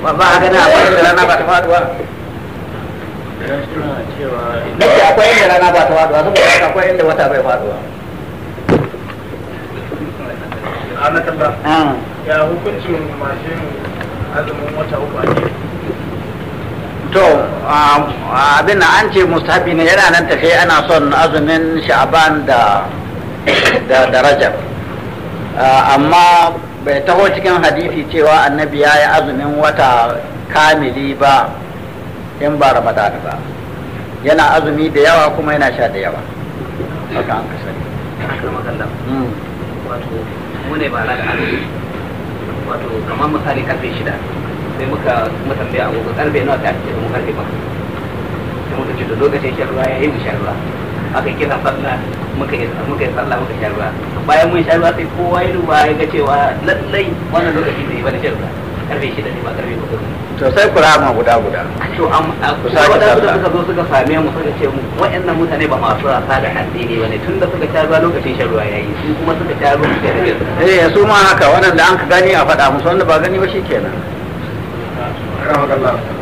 ba a gani akwai yadda rana ba ta faduwa nake akwai yadda rana ba ta faduwa saboda haka akwai yadda wata bai faduwa ana tamba ah. ya hukuncin mashin azumin wata uku ake to um, abin na an ce mustahabi ne yana nan tafe ana son azumin sha'aban da da rajab ah, amma bai taho cikin hadisi cewa annabi ya yi azumin wata kamili ba in ba ramadan ba yana azumi da yawa kuma yana sha da yawa haka an kasari hmm. wato kamar misali karfe shida sai muka kuma tambaya agogo karfe nawa ta ce mu karfe ba sai muka ce da lokacin shan ruwa ya yi mu shan ruwa aka kira sallah muka yi muka yi sallah muka sha ruwa bayan mun sha ruwa sai kowa ya duba ya ga cewa lallai wannan lokaci ne bane sha ruwa karfe shida ne ba karfe bakwai to sai ku rama guda guda to am ku guda sallah suka zo suka same mu suka ce mu wayannan mutane ba masu rasa da addini bane tun da suka sha ruwa lokacin sha ruwa yayi su kuma suka sha ruwa suka rage eh su ma haka da an ka gani a faɗa musu wanda ba gani ba shikenan rahmatullah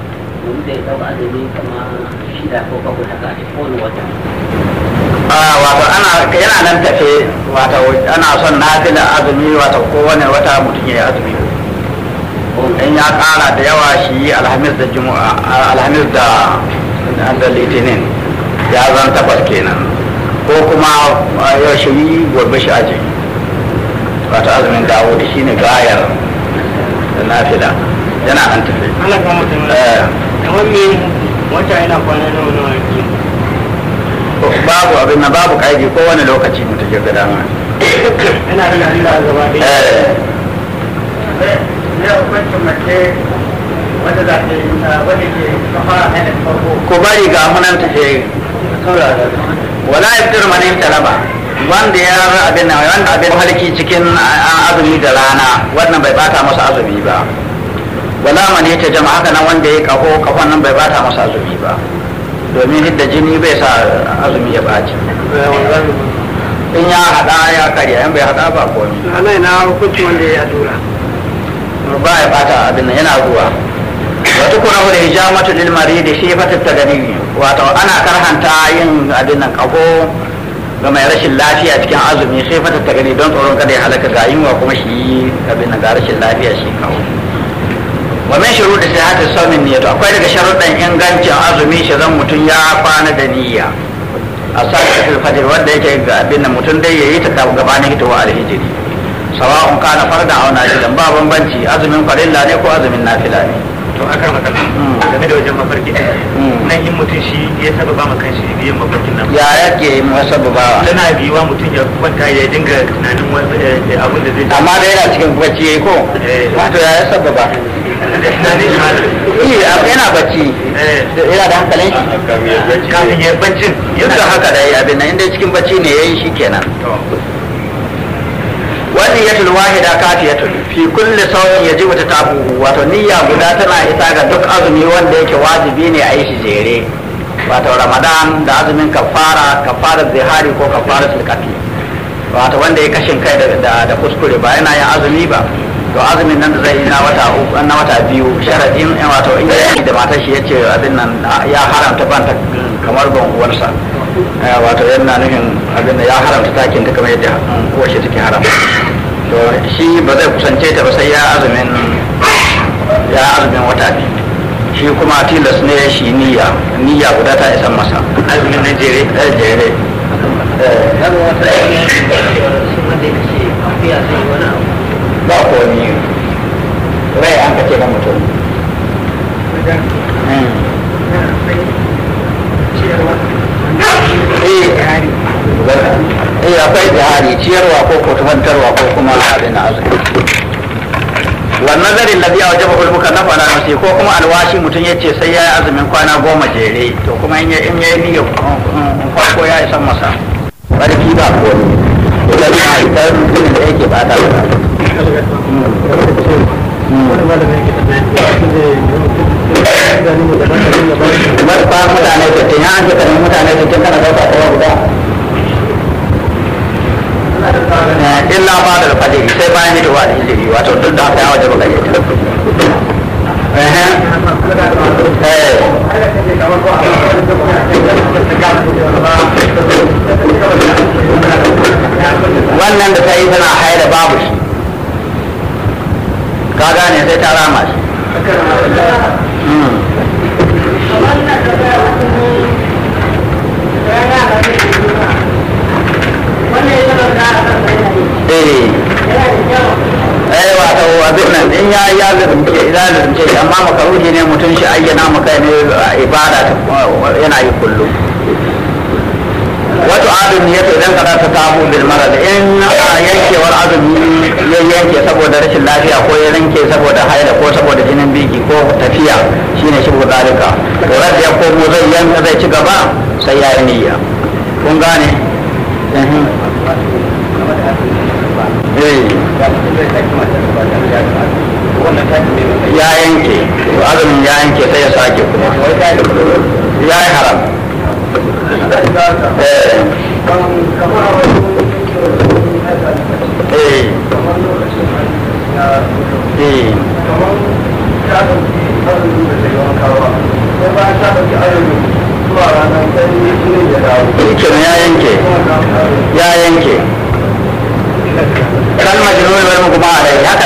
wanda ya ɗauka azumi kama shida ko bakwai haka a kowane wata ah, wato ana yana nan tafe wato ana son nafilar azumi wato kowane wata mutum ya yi azumi in ya kara da yawa shi alhamis da juma'a alhamis da da litinin ya zan tabbas kenan ko kuma ya shi gobe shi aji wata azumin dawo da ne gayar da nafila yana an tafi kamar me wata yana kwana nawa nawa ne babu abin na babu kaidi ko wani lokaci mutum ya ga ma. ina da Allah gaba ɗaya ne eh. hukuncin mace wanda za ta yi wanda ke kafara hannun farko ko bari ga munan ta ke ce wala yaftar manin talaba wanda ya abin wanda abin halki cikin azumi da rana wannan bai bata masa azumi ba wala man yace jama'a haka nan wanda ya kafo kafan nan bai bata masa azumi ba domin hidda jini bai sa azumi ya baci in ya hada ya karya in bai hada ba komai Allah na hukunci wanda ya dura ba ya bata abin nan yana zuwa wata kuna da hijamatu lil da shi fatatta gani wato ana karhanta yin abin nan kafo ga mai rashin lafiya cikin azumi sai fatatta gani don tsoron kada ya halaka ga yunwa kuma shi abin nan ga rashin lafiya shi kawo wa min shuruɗi sihhatis sawmi niyyatu akwai daga sharuɗan ingancin azumi shi zan mutum ya kwana da niyya a sa'atul fajr wanda yake ga abinda mutum dai yayi ta gabanin hitowa alhijiri sawa'un kana farda aw nafilan ba bambanci azumin farilla ne ko azumin nafila ne to akan haka hmm. game da wajen mafarki hmm. Na in mutum shi ya sababa ma kanshi yin mafarkin nan ya yake yi mu sababa tana biyuwa mutum ya kwanta ya dinga tunanin eh, abin da zai amma da yana cikin bacci yayi ko eh. wato ya sababa Eh, yana bacci eh. yana da hankalin shi ah, kafin ya bacci yadda haka da ya abin nan inda cikin bacci ne ya yi shi kenan wani ya tuli tulu wahida kafi ya tuli. fi kulle sauyin ya ji wata tabu wato niyya guda tana isa ga duk azumi wanda yake wajibi ne a yi shi jere wato ramadan da azumin kafara kafara zihari ko kafara sulkafi wato wanda ya kashin kai da kuskure ba yana yin azumi ba to azumin nan zai yi na wata uku na wata biyu sharadin yan eh, wato in yi da matar shi ce abin nan ah, ya haramta banta kamar ban uwarsa eh, wato yana nufin abin da ya haramta takin ta kamar yadda uwar shi take haram to shi ba zai kusance ta ba sai ya azumin ya azumin wata biyu shi kuma tilas ne shi niyya niyya guda ta isan masa azumin na jere eh, jere ba ni rai an kace na mutum hmm. eh akwai jihari ciyarwa ko ko ko kuma na azumi wa nazarin da biya wajen bakwai muka na nasi ko kuma alwashi mutum ya ce sai ya yi azumin kwana goma jere to kuma in ya yi niyyar farko ya isan masa barki ba ko ne da ya yi ta da yake ba ta da marfa mutane sittin illa ba da fadi sai bayan hito wa alhijiri wato duk da haka ya waje wannan da ta yi tana haida babu shi ka gane sai ta rama shi ya amma ne mutum shi ayyana maka ne ibada yana yi kullum wato azumi ya idan kada ta samu bil marad in yankewar azumi ya yanke saboda rashin lafiya ko ya yanke saboda haila ko saboda jinin biki ko tafiya shine shi ko zalika to rad ya komo zai yanka zai ci gaba sai ya yi niyya kun gane eh. ya yanke azumin ya yanke sai ya sake kuma ya yi haram ya yanke ya yanke haka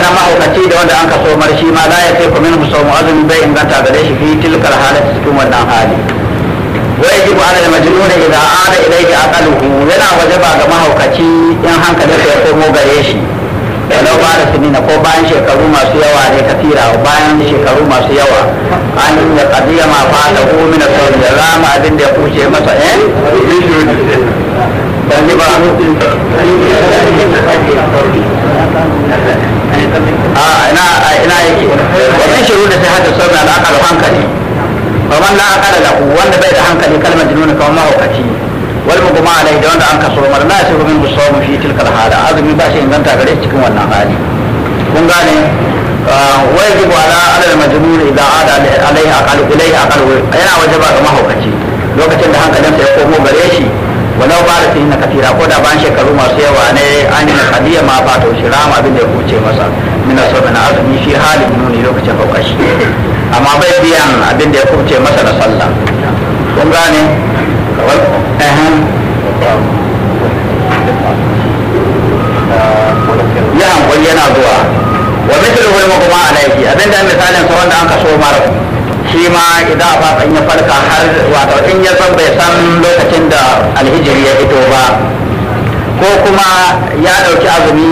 nan mahaukaci da wanda an kaso shi ma la ya sai kuma min musawmu azumi bai inganta gare shi fi tilkar halati cikin wannan hali ba ويجب على المجنون إذا عاد إليه عقله ينا ba ga mahaukaci yan in hankalinsa ko komo gare shi walau ba da sinina ko bayan shekaru masu yawa ne kafira bayan shekaru masu yawa an yi kadiya ma ba da ko min sauri da rama abin da ya kuce masa eh dan ji ba a ina ina yake wannan shiru da sai hada sauri da aka hankali faman la aqala lahu wanda bai da hankali kalmar jinuna kamar mahaukaci wal mugma alai da wanda an kaso mar la yasiru min bisawm fi tilka al hala azumi ba shi inganta gare shi cikin wannan hali kun gane ah, wa yajibu ala ala al majnun idza alai aqal ilai aqal yana wajaba ga mahaukaci lokacin da hankalin ta ya komo gare shi walau ba da sinna katira ko da ban shekaru masu yawa ne an yi kaliya ma ba ta rama abin da ya kuce masa min na azumi fi halin nuni lokacin haukaci amma bai biyan abin da ya kubce masa na sallah kun gane ya hankali yana zuwa wa misali wani a laifi abin da misalin sa wanda an kaso mara shi ma idan a fatan ya farka har wato in ya san bai san lokacin da alhijiri ya fito ba ko kuma ya dauki azumi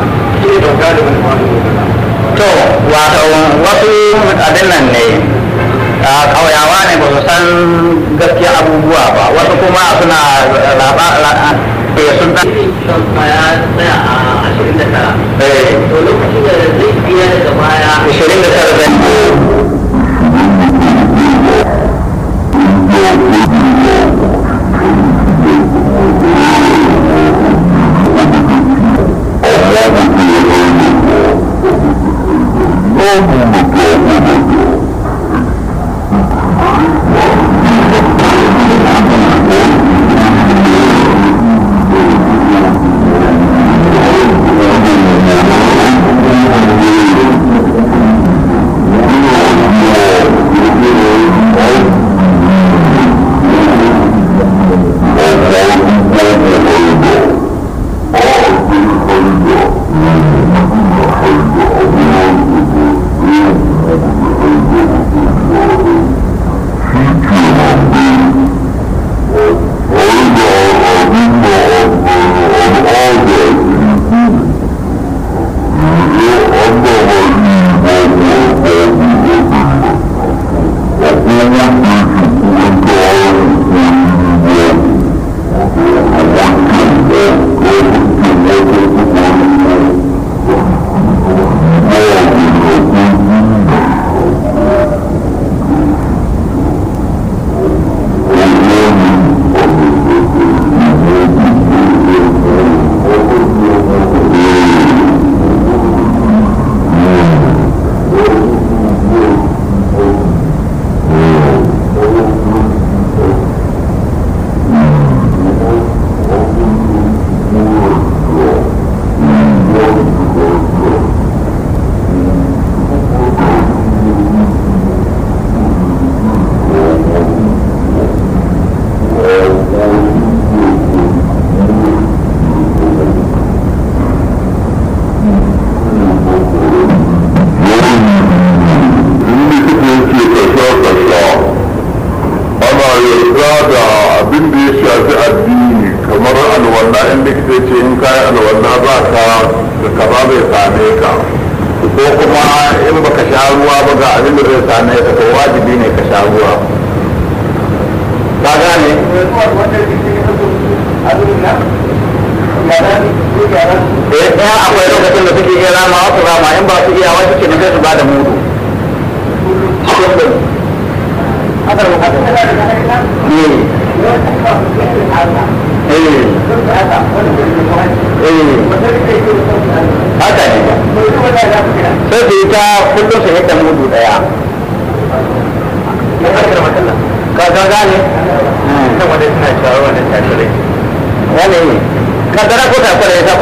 to wato wasu abin nan ne kauyawa ne ba su san gaskiya abubuwa ba wasu kuma suna raba ke eh, sun da ashirin eh. da tara to lokacin da zai biya daga baya ashirin da tara povo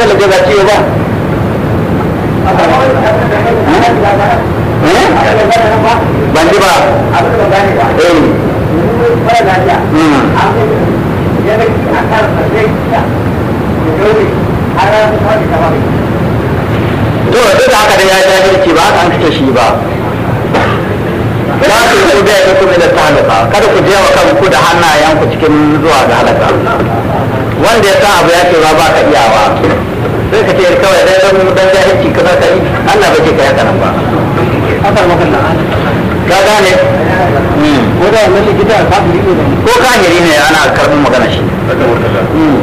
sallar da ba ce eh? ba ban ji ba eh. hmm. da yaya da ya jajirce ba an shi ba za su yi ku biya ku da ta halaka kada ku je wa kanku da hannayenku cikin zuwa ga halaka wanda ya sa abu ya ce ba ba ka iyawa zai ka ce kawai dai dan jahilci ka Allah bai ce nan ba haka maka na ka gane hmm. ko da wannan likita ko ne ana karɓar magana shi hmm.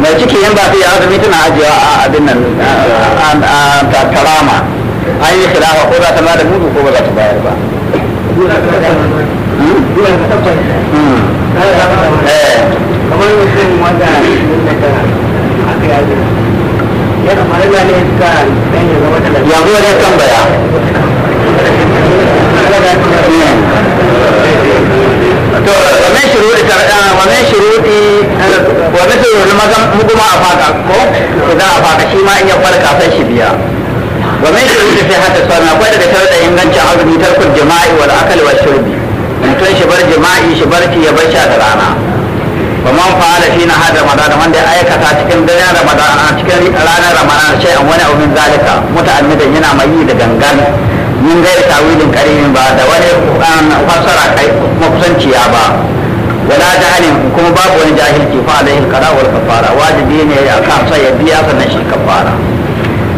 mai ciki yan ba ya azumi tana ajiyewa a abin nan a tarama an yi khilafa ko za ta ba da mutu ko ba za ta bayar ba yanzu wajen tambaya to wannan shuruɗi wannan shuruɗi wani su yi maza muguma a faka ko to za a faka shi ma in ya farka sai shi biya wannan shuruɗi sai hata sauran akwai daga sharuɗa ingancin azumi tarkul jima'i wal akal wal shurbi mutum shi bar jima'i shi barci ya bar sha da rana ba mu fa'ala shi na hada ramadan wanda ya aikata cikin daren ramadan a cikin ranar ramadan shi an wani abin zalika da yana mai yi da gangan mun ga tawilin karimin ba da wani um, fasara kai makusanciya ba wala jahalin kuma babu wani jahilci fa yin alqada wal kafara wajibi ne ya kan sai ya biya sannan shi kafara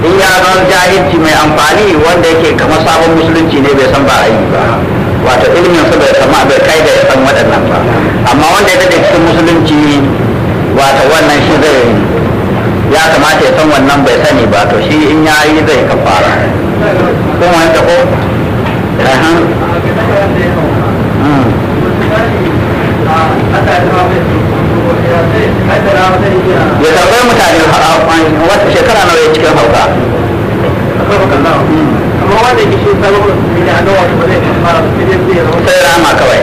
in ya zan jahilci mai amfani wanda yake kamar sabon musulunci ne bai san ba a yi ba wato ilimin su bai sama bai kai da ya san waɗannan ba amma wanda ya daɗe cikin musulunci wato wannan shi zai ya kamata ya san wannan bai sani ba to shi in ya yi zai kafara kun wani ta ko hmm. ya tambayi mutane wata shekara nawa ya cikin hauka amma wanda ke shi sabon musulmi a nawa da zai kafara ba sai zai zama sai rama kawai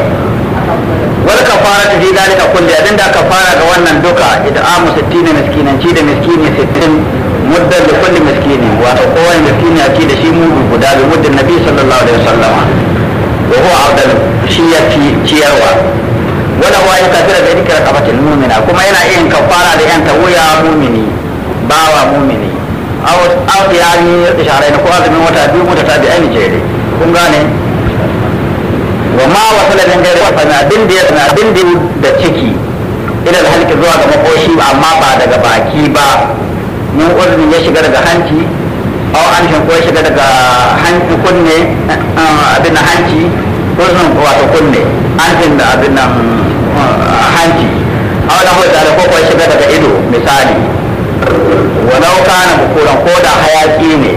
wani ka fara ta fi dalika kulli abin da fara ga wannan duka id'amu 60 miskinan ci da miskini 60 muddan da kulli miskini wato kowane miskini a ci da shi mudu guda bi muddin nabi sallallahu alaihi wasallama wa huwa afdal shi ya ci ciyarwa wala wa ya kafira da dikar kafatin mu'mina kuma yana yin kafara da yan tawuya mu'mini bawa mu'mini aw yani isharai ko azumin wata biyu ta mutatabi'ai ne jere kun gane wa ma wasu da dangare wa sanadin da ya sanadin da ciki ila da halki zuwa ga makoshi amma ba daga baki ba min uzurin ya shiga daga hanci aw an shin ko ya shiga daga hanci kunne eh, abin hanci uzurin wato kunne an shin da abin nan eh, hanci aw da ko shiga daga ido misali walau kana mukuran ko da hayaki ne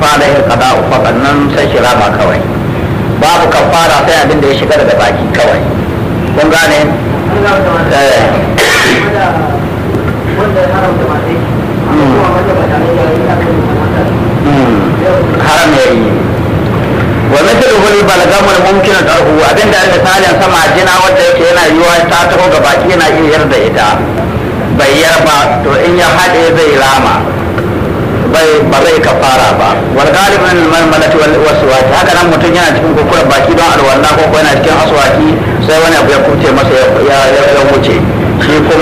fara yin kada ufakan nan sai shi ba kawai babu kafara sai abin da ya shiga daga baki kawai kun gane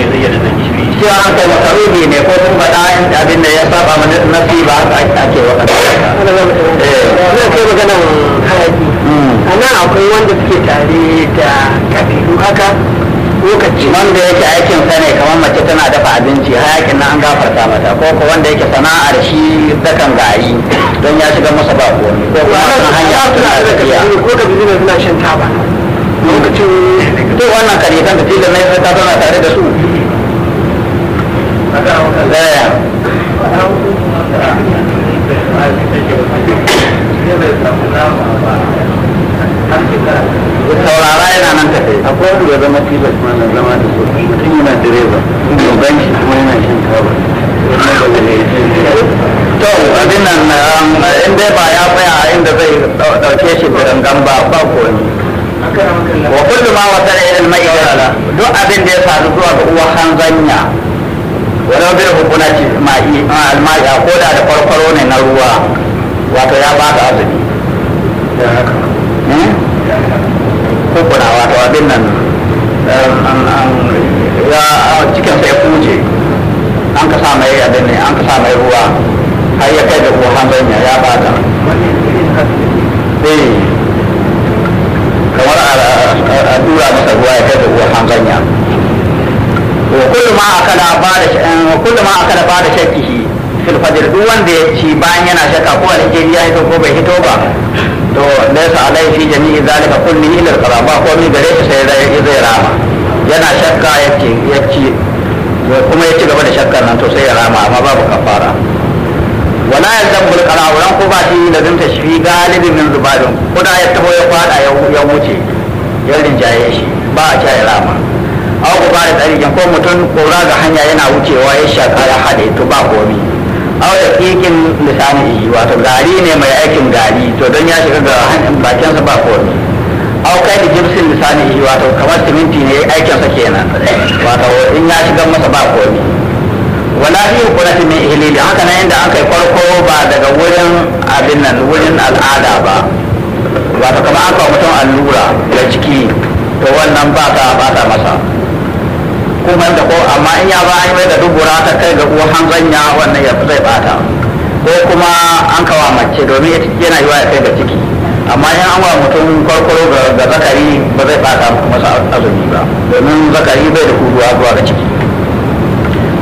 mai zayyana da gishiri cewa an kai ne ko kun faɗa abin da ya saba mana nafi ba ake zai kai a nan akwai wanda suke tare da kabilu haka lokaci wanda yake aikin sa ne kamar mace tana dafa abinci hayakin na an gafarta mata ko ko wanda yake sana'ar shi dakan gari don ya shiga masa ba komai ko kuma hanya suna da ko kabilu suna shan taba lokacin ce wannan karitan da cikin nan ta tana tare da su eh. saurara yana nan tafe akwai wanda zama tilas mana zama da su mutum yana direba mutum banki kuma yana shan kaba to abin nan um, in dai ba ya tsaya inda zai dauke shi da gangan ba ba ko ne wa kullu ma wasala ila al-ma'i duk abin da ya faru zuwa ga uwa hanzanya wani bil hukuna ci ma'i al-ma'i ko da da farfaro ne na ruwa wato ya ba ka azumi hmm? hukuna wato abin nan um, ya cikin sai kuje an ka sa mai abin ne an ka sa mai ruwa har ya kai da uwa hanzanya ya ba ta. eh dura masa ruwa ya kai da ruwan hanganya wa kullu ma akala bada wa kullu ma akala bada shakkihi fil fajr duk wanda ya ci bayan yana shakka ko aljeri ya hito ko bai hito ba to laysa alai fi jami'i zalika kulli ila al-qaraba ko mi gare shi sai ya zai rama yana shakka ya ci kuma ya ci gaba da shakkar nan to sai ya rama amma babu kafara wala yalzam bil qara'u ran ko ba shi lazim ta shi galibin min zubadin ko da ya taho ya fada ya wuce ya rinjaye shi ba a cewa rama aw ko ba da tsarikin ko mutum kora ga hanya yana wucewa ya shaka ya hade to ba komi aw ya kikin lisani wato gari ne mai aikin gari to don ya shiga ga bakinsa ba komi aw kai da jibsin lisani wato kamar siminti ne aikinsa kenan wato in ya shiga masa ba komi wala fi qurati min ihlili haka nan inda aka yi farko ba daga wurin abin nan wurin al'ada ba Ba wato kamar aka mutum allura da jiki to wannan ba ta ba ta masa kuma da ko amma in ya ba an yi da dubura ta kai ga uwan hanzanya wannan ya zai bata ko kuma an kawa mace domin yana yiwa ya kai ga ciki amma in an wa mutum kwarkwaro ga zakari ba zai bata masa azumi ba domin zakari bai da kuduwa zuwa ga ciki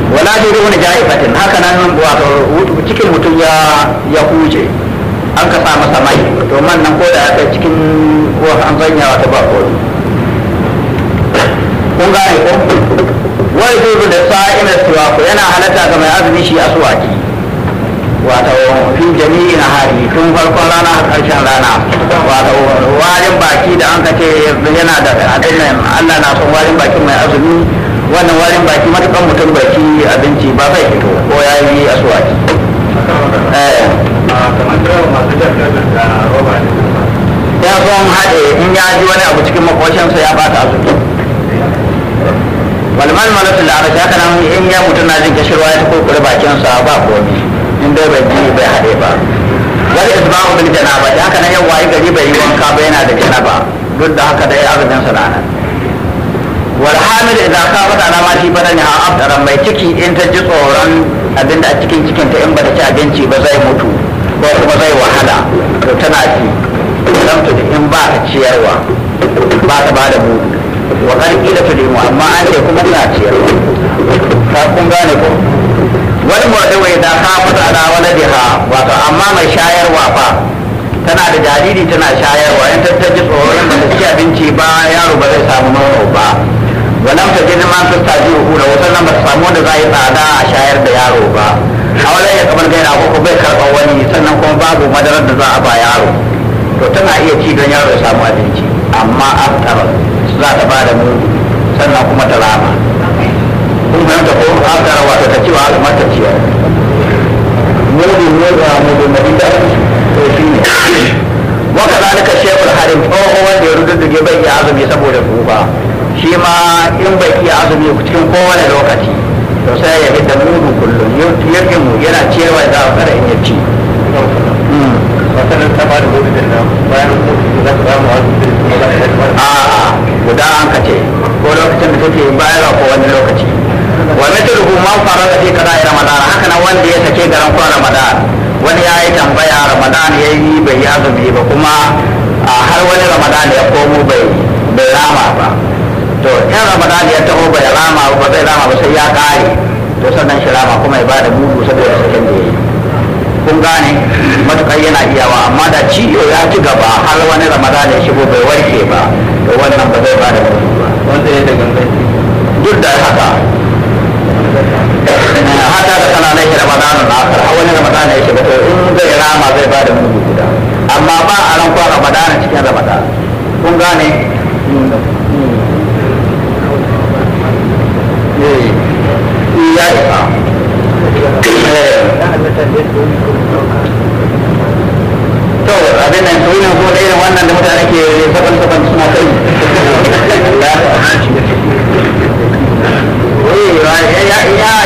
wala zai da wani ja'ifatin haka nan wato cikin mutum ya ya huje an ka sa masa mai to man nan ko da aka cikin ko an zanya wata ba ko kun gane ko wai zai da sa'ina suwa ko yana halatta ga mai azumi shi aswaki wato fi jami'i na hari tun farkon rana a karshen rana wato wajen baki da an ka ce yana da adadin Allah na son wajen bakin mai azumi wannan warin baki matukan mutum baki abinci ba zai fito ko ya yi a suwaki eh. ya son haɗe in ya ji wani abu cikin makoshinsa ya bata azuki walmal malatul arash haka nan in ya mutu na jin kashirwa ya kurkure bakinsa ba komi in dai bai ji bai haɗe ba wani da bil janaba haka nan yawa gari bai yi wanka ba yana da janaba duk da haka dai azumin sa na nan wal hamil idan ka fada na ma shi fada ne ha abdara mai ciki in ta ji tsoron abinda a cikin cikin ta in ba ta ci abinci ba zai mutu ko kuma zai wahala to tana ci idan ta in ba ta ciyarwa ba ta ba da mu wa kan kila ta mu amma an ce kuma tana ciyarwa ta kun gane ko wani mawada wai da ka fada na wani diha wato amma mai shayarwa fa tana da jariri tana shayarwa in ta ji tsoron da ta ci abinci ba yaro ba zai samu nono ba walam ta jin man tastaji hura wasannan ba samu da za a yi tsada a shayar da yaro ba a hawalan ya kamar gaira ko bai karɓa wani sannan kuma babu madarar da za a ba yaro to tana iya ci don yaro ya samu abinci amma aftar za ta ba da mudu sannan kuma ta rama kun fahimta ko aftar wato ta wa al'ummar ta ciyar mudu mudu a mudu na inda to shi ne waka zalika shekul harin tsohon wanda ya ke bai iya azumi saboda guba shi ma in bai iya azumi cikin kowane lokaci to sai ya damu mudu kullum yirgin mu yana cewa za a fara in ya ci hmm. a guda an ka ce. ko lokacin da take bayarwa ko wani lokaci wa mithluhu man farada fi qada'i ramadan haka nan wanda ya sake garan ko ramadan wani ya yi tambaya ramadan ya yi bai yi azumi ba kuma a har wani ramadan ya komo bai rama ba to in ramadan ya taho bai rama ba zai rama ba sai ya kare to sannan shi rama kuma ya bada mugu saboda sakin da yayi kun gane matukar yana iyawa amma da ciyo ya ci gaba har wani ramadan ya shigo bai warke ba to wannan ba zai bada mudu ba wanda ya da ganganci duk da haka eh, hata da kana nake ramadan na akar har wani ramadan ya shigo to in zai rama zai bada mugu guda amma ba a ran kwa ramadan cikin ramadan kun gane hmm. Hmm. ja'ifa to abin nan to yana zuwa irin wannan da mutane ke saban saban suna kai ya ya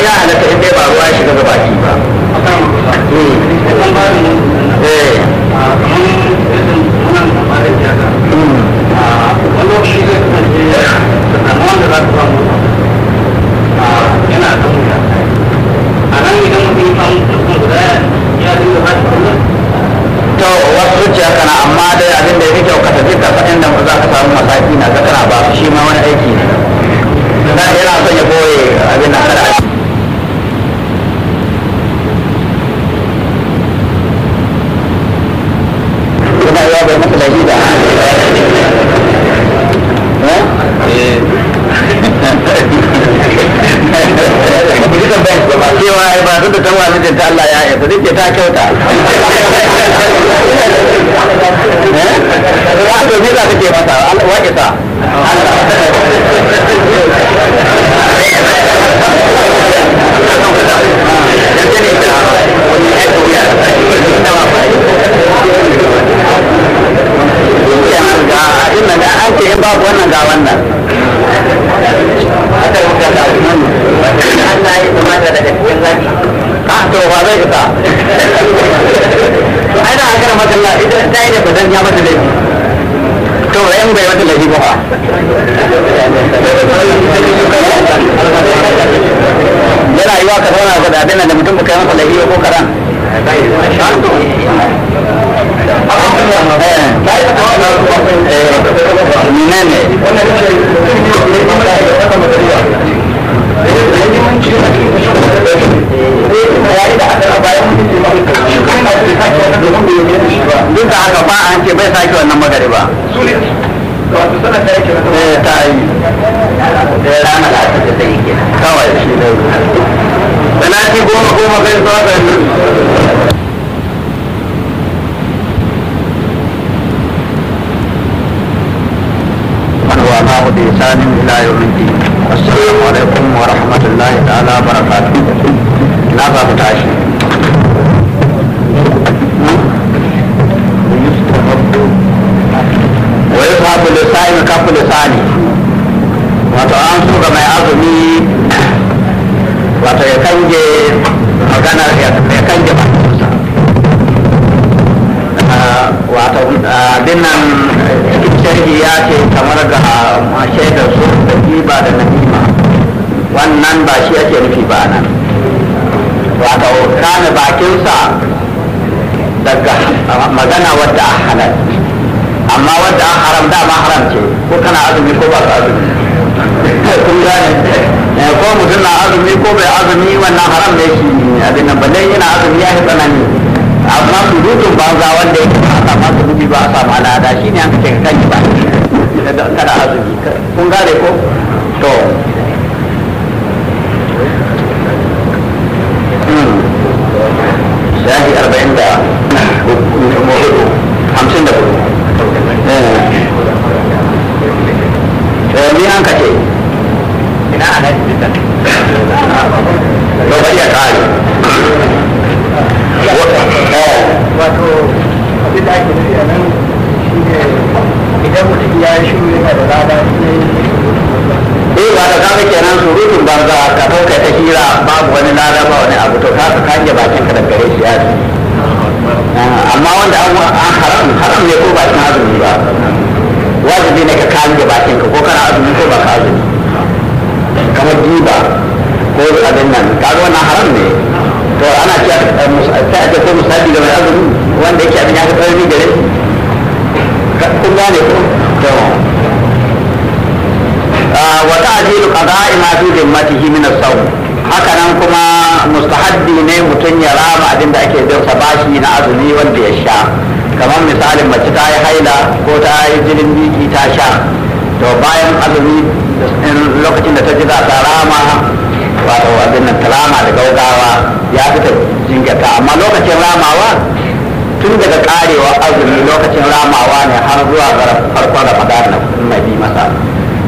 lokaci ya a eh ba da zama kenan surutun banza ka ɗauka ta hira babu wani lada ba wani abu to ka bakin ka gare shi ah, amma wanda an haram haram ne ko azumi ba wajibi ne ka bakin ka ko kana azumi ko ba ka azumi kamar giba ko abin nan kaga wannan haram ne to ana ce eh, eh, ta ce ko misali da mai azumi wanda yake abin ya ga tsarni gare kun gane ko to ah, wa ta'dilu qada'i ma fi dimmatihi min as-sawm haka nan kuma mustahaddi ne mutum ya rama abin da ake bin sa bashi na azumi wanda ya sha kamar misalin mace ta yi haila ko ta yi jinin biki ta sha to bayan azumi in lokacin da ta ji za ta rama wato abin nan da gaugawa ya fi ta jinkirta amma lokacin ramawa tun daga karewa azumi lokacin ramawa ne har zuwa ga farkon ramadan na mai bi masa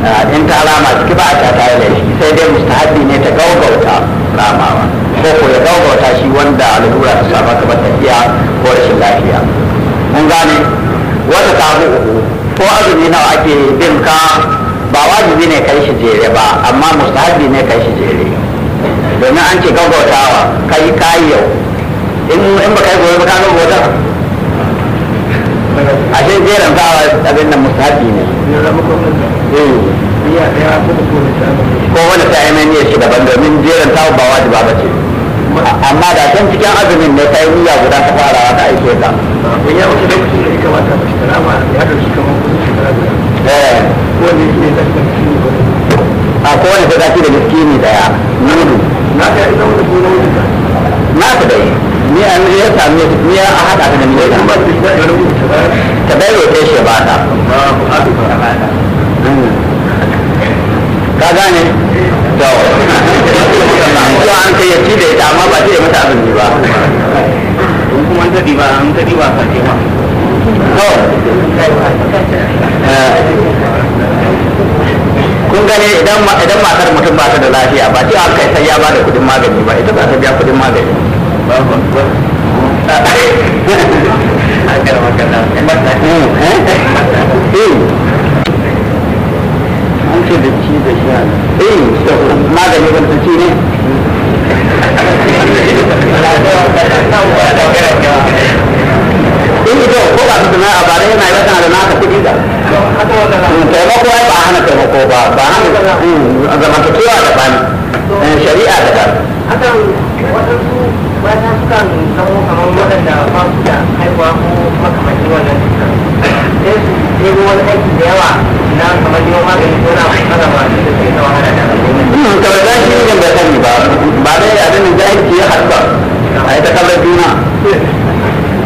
ah, in ta rama ciki ba a ta tare da shi sai dai mustahabi ne ta gaugauta ramawa ko ko ya gaugauta shi wanda lalura ta saba bata tafiya ko rashin lafiya mun gane wata ta ko azumi nawa ake bin ka ba wajibi ne kai shi jere ba amma mustahabi ne kai shi jere domin an ce gaggautawa kai kai yau in in ba kai gobe ba ka gobe ta a shi jeren zawa abin da mustahabi ne eh. ko wani ta ainihin ne shi daban domin jeren tawo ba wajiba ba ce amma da can cikin azumin ne kai wuya guda ta farawa ta aike ta. Wani ya wuce lokacin da ya kamata ba shi karama ya ɗauki kamar kusa shekara guda. a kowane ta zafi da jiski ne daya nudu na ta dai ni a ni ya sami ni a haɗa ka da ni ta bai rote shi ba ta hmm. ka gane to to an kai ya ci da ita amma ba yi mata abin ba kuma an taɗi ba an ta diba ka ce ma kun gane idan idan matar mutum ba ta da lafiya ba cewa kai sai ya ba da kudin magani ba ita za ta biya kudin magani ne ko ba su sana'a ba dai yana yi wata da naka kuɗi da hmm, taimako ai ba hana taimako ba ba hana hmm, zamantakewa da bani eh, shari'a da bani hakan waɗansu mata samu kamar waɗanda ba su da haihuwa ko makamanci wannan dukkan sai su ɗebo wani aiki da yawa na kamar yau magani ko na matsala ba da ke na wahala da hmm, ba ba dai abin da jahilci ya haɗu ba a yi ta juna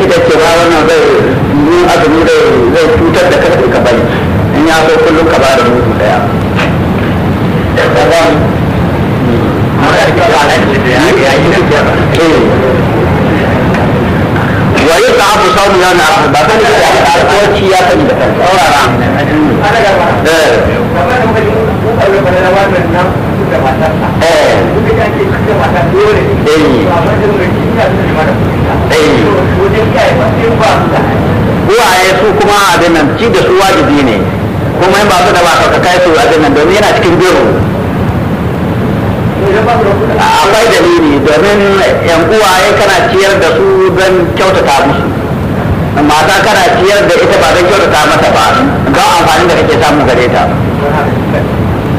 likita ce ba wannan zai yi azumi zai cutar da kasar ka bai in ya so kullum ka ba da mutu daya eh. wa ta abu saunu ya na abu ba da ya eh. eh. da kan saurara da matarsa eh duk da ake da matar eh. eh. su kuma abin nan ci da su wajibi ne kuma in ba su da ba ka kai su abin nan domin yana cikin biro akwai dalili domin yan uwaye kana ciyar da su don kyautata musu mata kana ciyar da ita ba don kyautata mata ba ga amfani da kake samu gare ta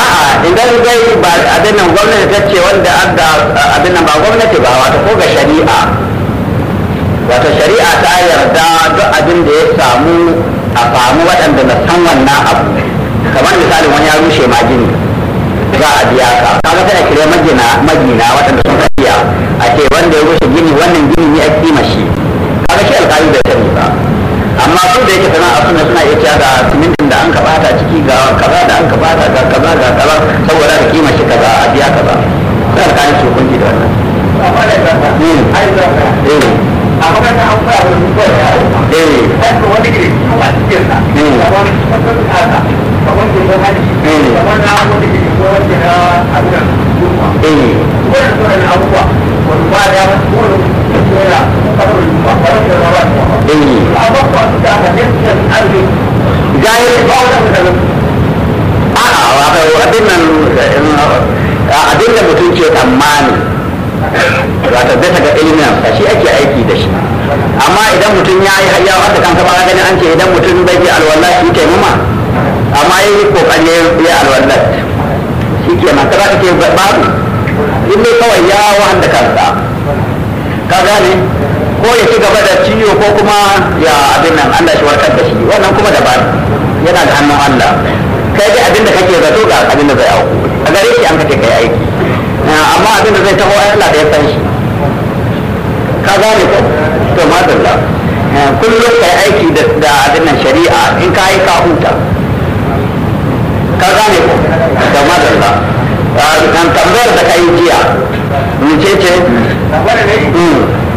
a'a idan dai ba abin nan gwamnati ta ce wanda adda abin nan ba gwamnati ba wato ko ga shari'a wato shari'a ta yarda duk abin da ya samu a samu waɗanda na san wannan abu kamar misalin wani ya rushe ma gini za a biya ka kaga sai a kire magina magina waɗanda sun kariya a ce wanda ya rushe gini wannan gini ne a kima shi kaga shi alƙali bai sani ba amma su da yake sana'a suna suna iya cewa ga simintin da an kaɓata ciki ga kaza ga ga kaza ga kaza saboda da kima shi kaza a biya kaza sai alƙalin su hukunci da wannan eh. eh. a makaranta an koya wa su koya eh sai wani ne su a cikin sa eh da wani kwatan kasa da wani ke zama da shi eh ba wani na wani ke ko wani na abin da kuma eh wannan sauran abubuwa wani ba da wani kowane koya ba ruwa kamar ba rawa eh ba su da aka ne su da arziki jahilci ba wani abu da abin nan abin da mutum ke tsammani wata bisa ga ilimin sa shi ake aiki da shi amma idan mutum ya yi hayya wata kansa ba gani an ce idan mutum bai ji alwala shi taimama amma ya yi kokari ya alwala shi ke nan kaza kake ba in dai kawai ya wanda kansa ka gane ko ya ci gaba da ciwo ko kuma ya abin nan Allah shi warkar da shi wannan kuma daban yana da hannun Allah kai dai abinda kake zato ga abinda zai auku a gare shi an kake kai aiki ah, amma abinda zai taho ai Allah da ya san shi ka gane ko to madalla ah, kullum kai aiki da abin nan shari'a in ka yi ka huta ka gane ko da madalla kan ah, tambayar da kai jiya ni ce ce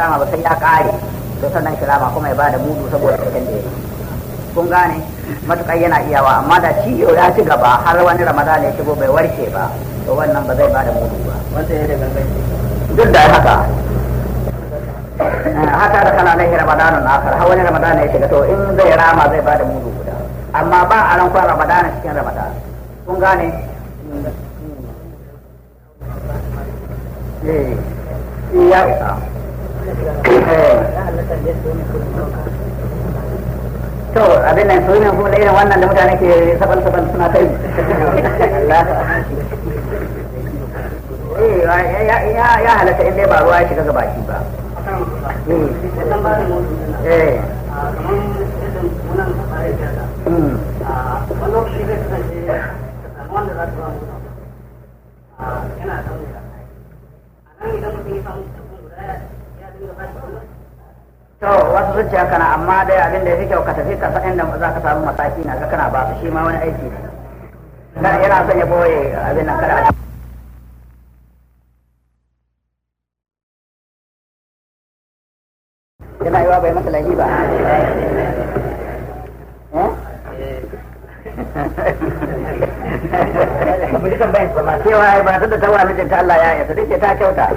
rama ba sai ya kare to sannan shi kuma ya bada mudu saboda cikin da ya kun gane matukar yana iyawa amma da ciyo ya ci gaba har wani ramadan ya shigo bai warke ba to wannan ba zai bada mudu ba wanda ya daga duk da haka eh, haka da kana lahi ramadanun akhar har wani ramadan ya shiga to in zai rama zai bada mudu guda amma ba a ran kwan ramadan cikin ramadan kun gane Yeah. Yeah. isa to abin nan su ne kuma da irin wannan da mutane ke saban saban suna kai eh, ya halatta in dai ba ruwa ya shiga ga baki ba eh. Eh. Hmm. to wasu zuciya kana amma dai abin da ya fi kyau ka tafi ka san inda za ka samu mataki na ga kana ba su shi ma wani aiki ne yana son ya boye abin nan kada yana yana yiwa bai masa lahi ba eh? Eh. ba cewa ba ta da tawa mijinta Allah ya yarda duk ta kyauta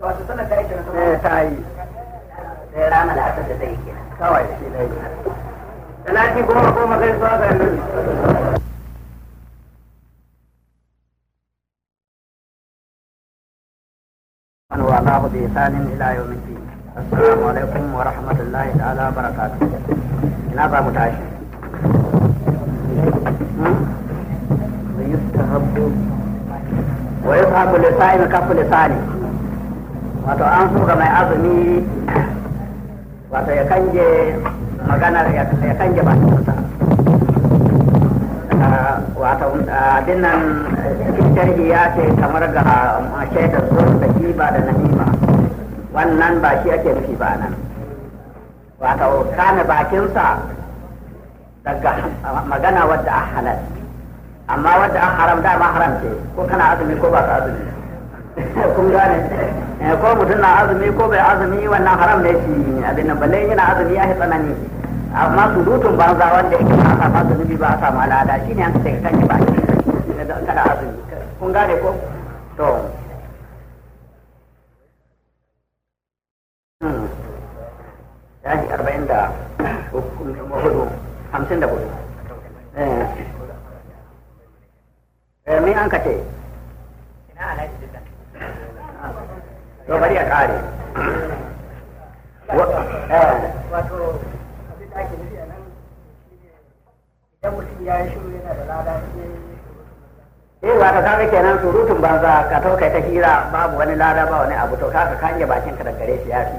wato sallar ta yi kenan eh ta yi sai rama da asar da ta yi kenan kawai shi da yi talati goma goma kai zuwa ga annabi من والاه بإحسان إلى يوم الدين السلام عليكم ورحمة الله تعالى وبركاته ina ba mu tashi ويصحب لسائل كف لسانه wato an suka mai azumi wato ya kanje maganar ya kanje ba ta ah, wato ah, abin nan cikin sharhi ya ce kamar ga ah, shaidar zuwa da kiba da namima wannan ba shi ake nufi ba nan wato kame bakinsa daga magana wadda a halal amma wadda a haram dama haram ce ko kana azumi ko ba ka azumi kun gane eh, ko mutum na azumi ko bai azumi wannan haram ne shi abin nan balle yana azumi ya hitsana ne amma surutun banza wanda yake ba a samu zubi ba mala da shi ne an sai kanki ba ne da kada azumi kun gane ko to hmm. ya ji arba'in da hudu hamsin da hudu eh. Eh, me an kace ce ina alhaji to bari a kare eh. wato abin da ake eh, kenan surutun banza ka to kai ta hira babu wani lada ba wani abu to kaka ka kanje bakin ka gare shi ya fi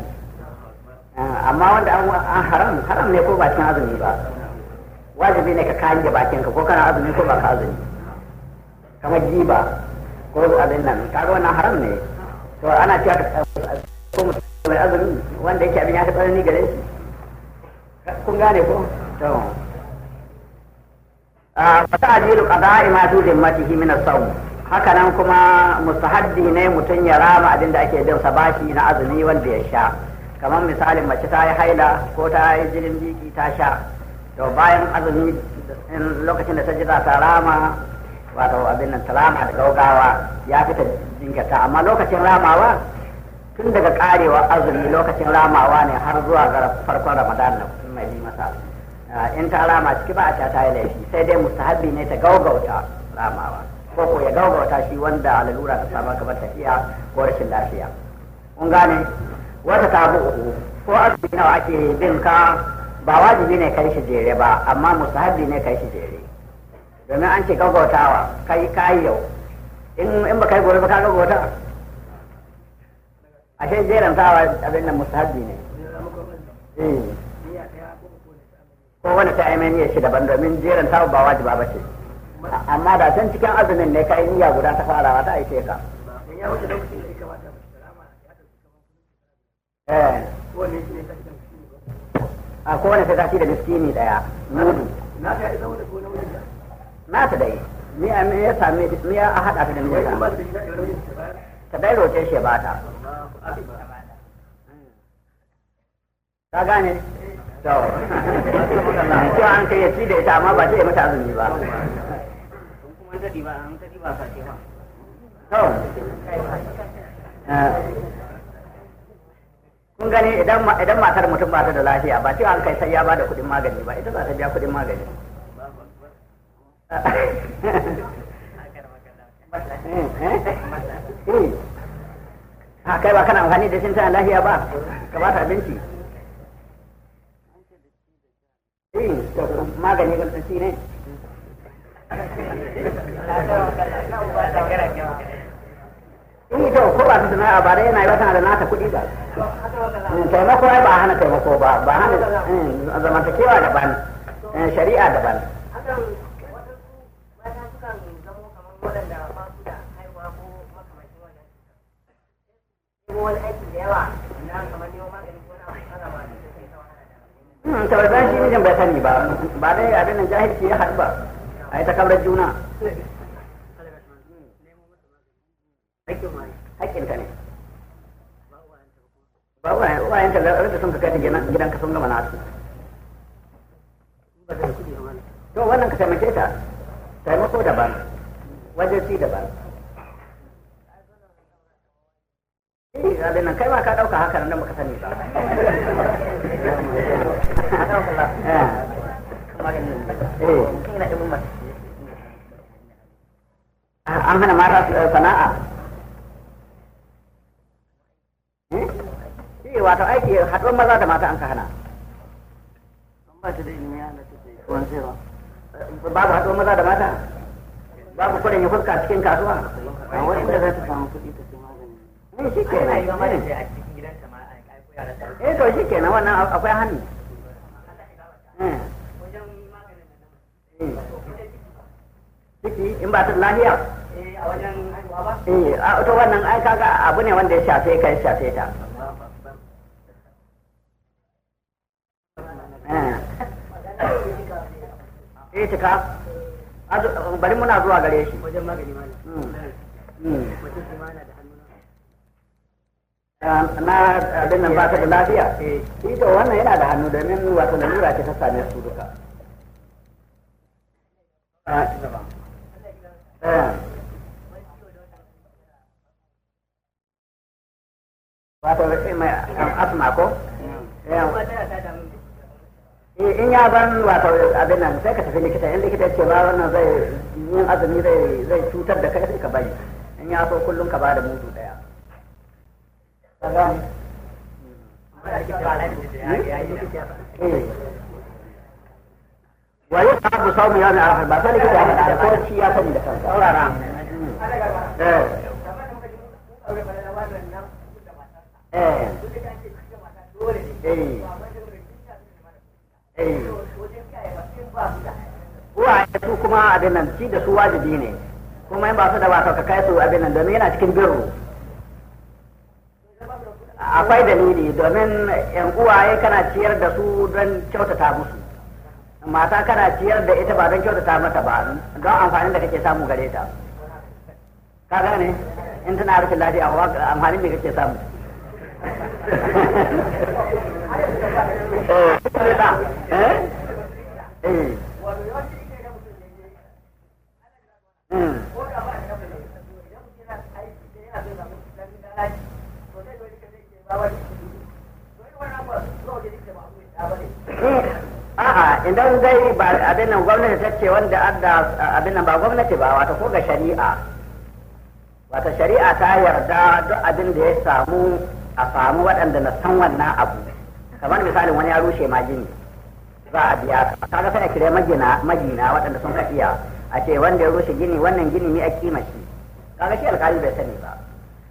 ah, amma wanda an haram haram ne ko bakin azumi ba wajibi ne ka kanje bakin ka ko kana azumi ko ba ka azumi kamar giba ko abin nan kaga wannan haram ne to ana cewa ko mai azumi wanda yake abin ya fi tsanani gare shi kun gane ko to wa ta'jilu qada'i ma tu zimmatihi min as-sawm hakanan nan kuma mustahaddi ne mutum ya rama abin da ake bin sa bashi na azumi wanda ya sha kamar misalin mace ta yi haila ko ta yi jinin biki ta sha to bayan azumi lokacin da ta jira ta rama wato abin nan salama da gaugawa ya fita jinkirta amma lokacin ramawa tun daga karewa azumi lokacin ramawa ne har zuwa ga farkon ramadan na mai bi masa ah, in ta rama ciki ba a ta ta yi laifi sai dai mustahabbi ne ta gaugauta ramawa ko ko ya gaugauta shi wanda lalura ta samu kamar tafiya ko rashin lafiya kun gane wata tabu uku ko azumi nawa ake bin ka ba wajibi ne kai shi jere ba amma mustahabbi ne kai shi jere domin an ce gagotawa kai kayi yau in ba kai gobe ba ka gagota ashe tawa abin nan Mustahabi ne eh. ko wani ta aimen ya shi daban domin tawa ba wajiba ba ce amma da san cikin azumin ne kai niyya guda ta farawa ta aike ka Ko eh. a kowane sai ta shi da miskini daya mudu na na ta dai ni a ya same ni ya a hada ta da ni ta dai roce shi ba ta ka gane to to an kai ya ci da ita amma ba ce mata azumi ba kuma ta diba an ta diba ka ce ba to eh. kun gani idan matar mutum ba ta da lafiya ba cewa an kai sai ya ba da kuɗin magani ba ita za ta biya kuɗin magani a kai ba kana amfani da shi ta lahiya ba ka ba ta abinci eh, magani ga tsaki ne in eh, ita ko ba su sana'a ba dai yana yi wata da nata kuɗi ba eh, taimako ba hana taimako ba ba hana zamantakewa daban shari'a daban wani aiki da yawa na kamar neman magani ko na ba da ta wadda shi mijin bai sani ba ba dai abin nan jahilci ya haɗu ba a yi ta kamar juna haƙƙinta ne ba uwayen ta da sun ka kai gidan ka sun gama nasu to wannan ka taimake ta taimako daban wajen ci daban Eh, abin nan kai ma ka ɗauka haka nan baka sani ba eh. an hana mata eh, sana'a shi wato aiki haɗuwar maza da mata an ka hana ba ta da ilimi ya babu haɗuwar maza da mata babu kudin ya fuska cikin kasuwa wani da za ta samu kuɗi ta ne shi ke nan eh to shi ke nan wannan akwai hannu ciki in ba ta lahiya eh a to wannan ai kaga abu ne wanda ya shafe ka shafe ta eh cika bari muna zuwa gare shi wajen magani malam hmm. Hmm. na abin nan ba ta da lafiya shi eh, to wannan yana da hannu domin wato lalura ce ta same su duka ah, ah. wato rashin eh, mai um, asma ko eh, um, in ya ban wato abin nan sai ka tafi likita in likita ce ba wannan zai yin azumi zai cutar da kai sai ka bari in ya so kullum ka ba da mudu daya wa yi ta abu sau miya mai arafa ba ta likita ya da ko ci ya sani da kansa saurara uwa su kuma abin nan ci da su wajibi ne kuma in ba su da wasa ka kai su abin nan domin yana cikin birru akwai dalili domin yan uwaye kana ciyar da su don kyautata musu mata kana ciyar da ita ba don kyautata mata ba don amfanin da kake samu gare ta ka gane in tana rashin lafiya amfanin me kake samu you. Eh? Eh. Hmm. a'a idan zai ba abin nan gwamnati ta ce wanda adda abin nan ba gwamnati ba wata ko ga shari'a wata shari'a ta yarda duk abin da ya samu a samu waɗanda na san wannan abu kamar misalin wani ya rushe ma gini za a biya ka ga sai a kire magina magina waɗanda sun kafiya a ce wanda ya rushe gini wannan gini ne a kima shi kaga shi alkali bai sani ba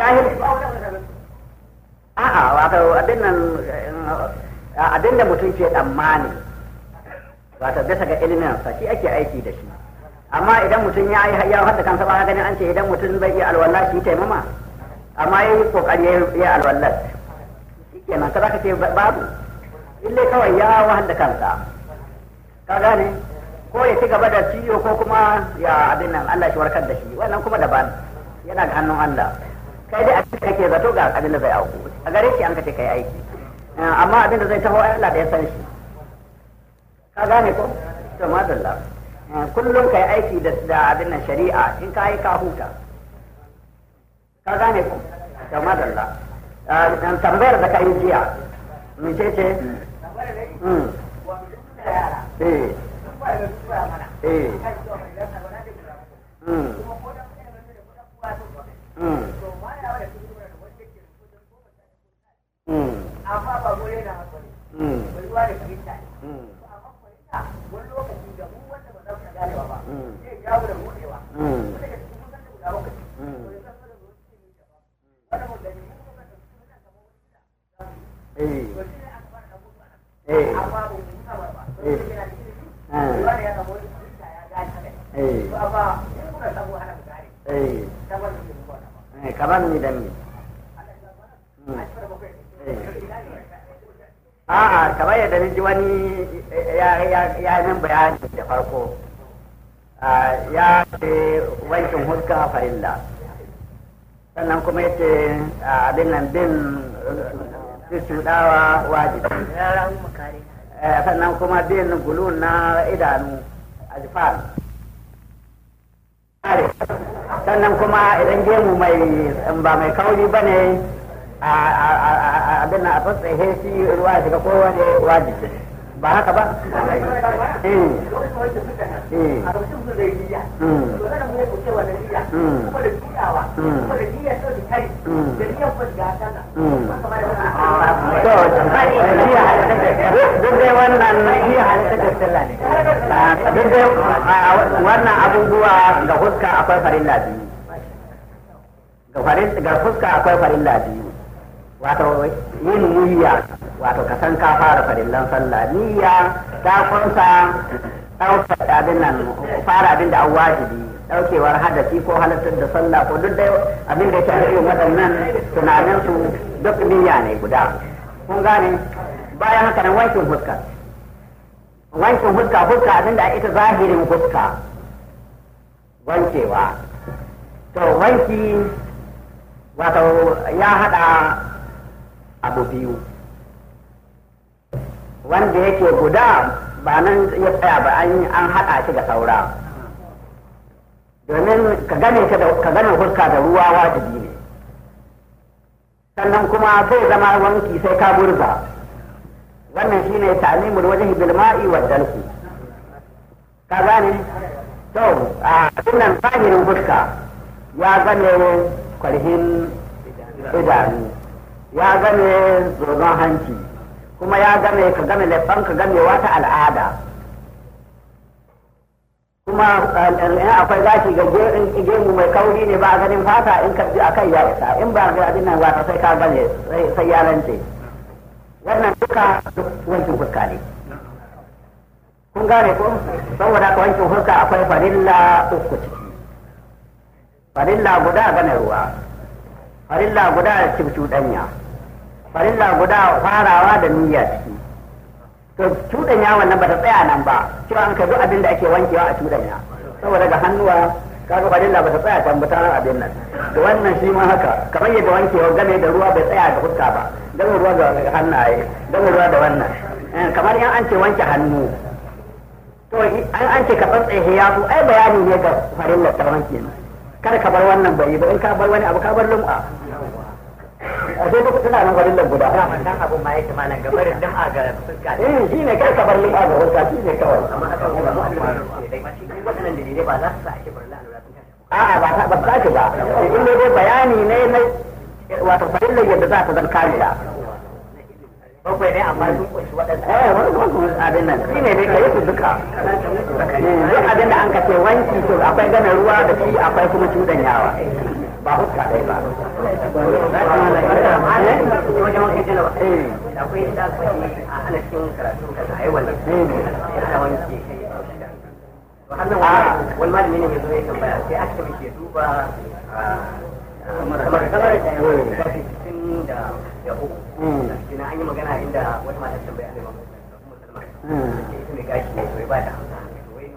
jahili a'a wato abin nan eh, abin da mutum ke tsammani wato bisa ga ilimin sa shi ake aiki da shi amma idan mutum ya yi ya hada kansa ba ganin an ce idan mutum bai yi alwala shi taimama amma ya yi kokari ya yi alwallar shi kenan kada ka ce babu illai kawai ya wahal kansa ka gane ko ya ci gaba da ciyo ko kuma ya abin nan Allah shi warkar da shi wannan kuma daban yana ga hannun Allah kai dai abin da kake zato ga abin da zai auku a gare shi an kace kai aiki eh, amma abin da zai taho Allah da ya san shi ka gane ko to madalla eh, kullum kai aiki da da abin nan shari'a in ka yi ka huta ka gane ko to madalla dan eh, tambayar da kai jiya mun ce ce hmm. eh eh hmm. amma ba gore hakuri bai ruwa da ne hmm. amma wani lokaci da mu wanda ba za mu gane ba hmm. zai jawo da buɗewa hmm. eh. ana eh. ba kaban eh. ni dan ni a'a kamar yadda na ji wani ya yi bayani da farko ya ce wankin huska farilla sannan kuma yake ce abin nan bin cuɗawa wajibi eh, sannan kuma bin gulu na idanu a jifan sannan kuma idan gemu mai ba mai kauri ba ne abin na a tsatsaye shi ruwa shiga kowane wajibi ba haka ba wannan abubuwa ga fuska akwai farilla biyu ga fuska akwai farilla biyu wato yin niyya wato ka san ka fara farillan sallah niyya ta kunsa ɗauka abin nan fara abin da an wajibi ɗaukewar hadasi ko halartar da sallah ko duk dai abin da ke shafi waɗannan tunanin su duk niyya ne guda kun gane bayan haka nan wankin fuska wankin fuska fuska abin da ita zahirin fuska wankewa to wanki wato ya haɗa abu biyu wanda yake guda ba nan ya tsaya ba an haɗa shi da saura domin ka gane ka fuska da ruwa wajibi ne sannan kuma zai zama wanki sai ka burza wannan shine ne wajhi wajen Bilma'i, wad dalku ka gane to a sunan fahimin fuska ya gane kwarhin idanu ya game zoron hanci kuma ya game ka game laifan ka game wata al'ada kuma in eh, eh, akwai gashi ga gemu mai kauri ne ba a ganin fata in ka a kai ya isa in ba ga abin nan wata sai ka gane sai ya rance wannan duka wankin fuska ne kun gane ko saboda ka wankin fuska akwai farilla uku ciki farilla guda gane ruwa farilla guda cuɗanya farilla guda farawa da niyya ciki to cuɗanya wannan bata tsaya nan ba cewa an kai abin da ake wankewa a cuɗanya saboda ga hannuwa kaga farilla bata tsaya kan mutanen abin nan da wannan shi ma haka kamar yadda wankewa game da ruwa bai tsaya da fuska ba game ruwa ga hannaye game ruwa da wannan eh, kamar yan an ce wanke hannu to an an ce ka tsantsaye yatsu ai bayani ne ga farilla ta wanke kada ka bar wannan bai ba in ka bar wani abu ka bar lum'a a sai duka tana nan guda da man dan abun ma yake malam ga barin a ga fuska eh shine kai ka bar lin a ga fuska shine kawai amma aka ba za su sa ake barin a'a ba ta ba ta ba in dai bayani ne na wato farillar yadda za ta zan kariya bakwai ne amma sun kunshi waɗanda. Eh, wani kuma abin nan. Shi ne ne ka yi su duka. Eh, duk abin da an ka ce wanki to akwai ganin ruwa da shi akwai kuma yawa. ba huska ɗaya ba a ana cikin karatu ta aiwal da ya wanke wani malami ne mai zo ya tambaya sai aka muke duba kamar kamar cikin da ya uku cikin yi magana inda wata mata tambaya ne ya ba da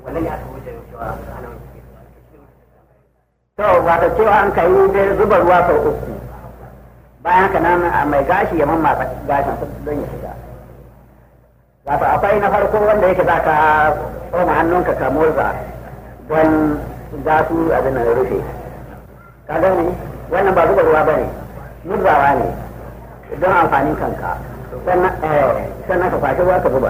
wannan ne aka cewa ana to wata cewa an kai dai zuba ruwa sau uku bayan ka nan mai gashi ya mamma gashin don ya shiga wato akwai na farko wanda yake za ka tsoma hannunka ka murza don za su abin nan rufe ka gani wannan ba zuba ruwa ba ne murzawa ne don amfanin kanka sannan eh, ka fashe ruwa ka zuba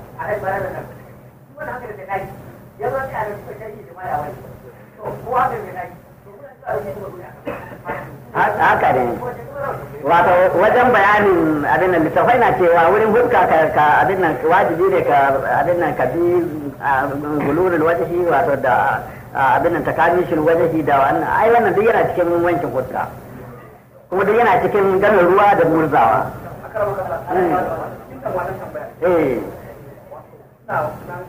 a nan da kai ya zo wajen bayanin abin nan littafai na cewa wurin hulka ka abin nan wajibi ne ka abin nan ka bi gulurul wajhi wato da abin nan takamishin wajhi da wannan ai wannan duk yana cikin wankin hulka kuma duk yana cikin ganin ruwa da murzawa da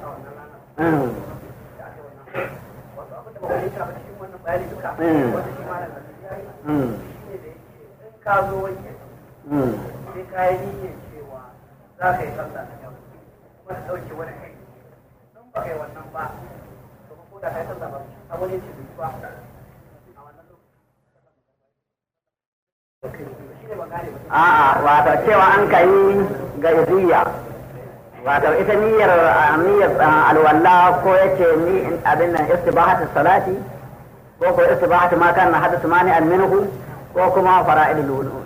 A'a, wato cewa an ka yi ga izuya wato ita niyyar ah, niyyar ah, alwalla ko yace ni abin nan istibahatu salati ko ko istibahatu ma kana hadathu mani an minhu ko kuma fara'idul wudu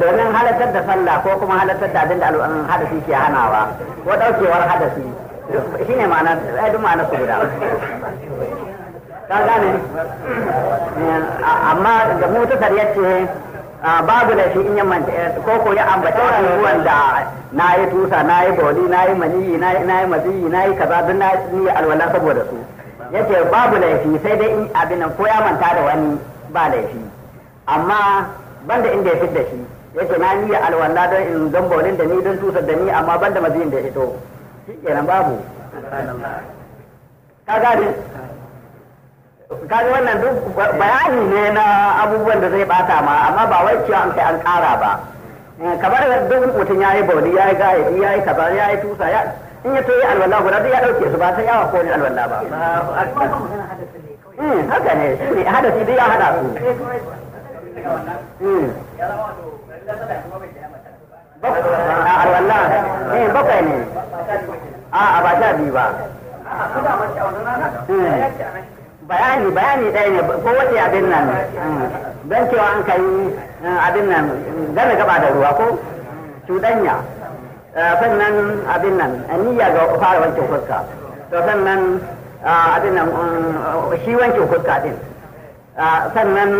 domin halattar da sallah ko kuma halattar da abinda al'adun mm, hadasi ke hanawa ko daukewar hadasi shi ne ma'ana ai duk ma'ana su guda ka gane amma da mutasar yace A ah, babu da shi in ya manta eh, ko ko ya ambata ruwan da na yi tusa na yi boli na yi maniyi na yi maziyi na yi kaza duk na yi alwala saboda su yake babu laifi sai dai in abin ko ya manta da wani ba laifi amma banda inda ya fit da shi yake na yi alwala don in don bolin da ni don tusa da ni amma banda maziyin da ya fito shi kenan babu ka gane kaji wannan duk bayani ne na abubuwan da zai bata ma amma ba wai cewa an kai an kara ba eh, kamar duk mutum ya yi bauli ya yi gayadi ya yi kaza ya yi tusa ya in ya toye alwala guda duk ya dauke su ba sai yawa ko ne alwala ba hmm, haka ne shi hadasi duk ya hada su alwala hmm. bakwai ne eh, a ba sha biyu ba hmm. bayani bayani ɗaya ne ko wace abin nan mm. don cewa an kai mm, abin nan gane gaba da ruwa ko cuɗanya eh, sannan abin nan niyya ga fara wancan fuska to sannan eh, abin nan mm, shi wancan fuska din eh, sannan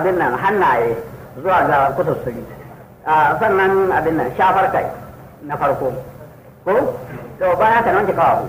abin nan hannaye zuwa ga kusursuri sannan abin nan shafar kai na farko ko to bayan nan wanke kawo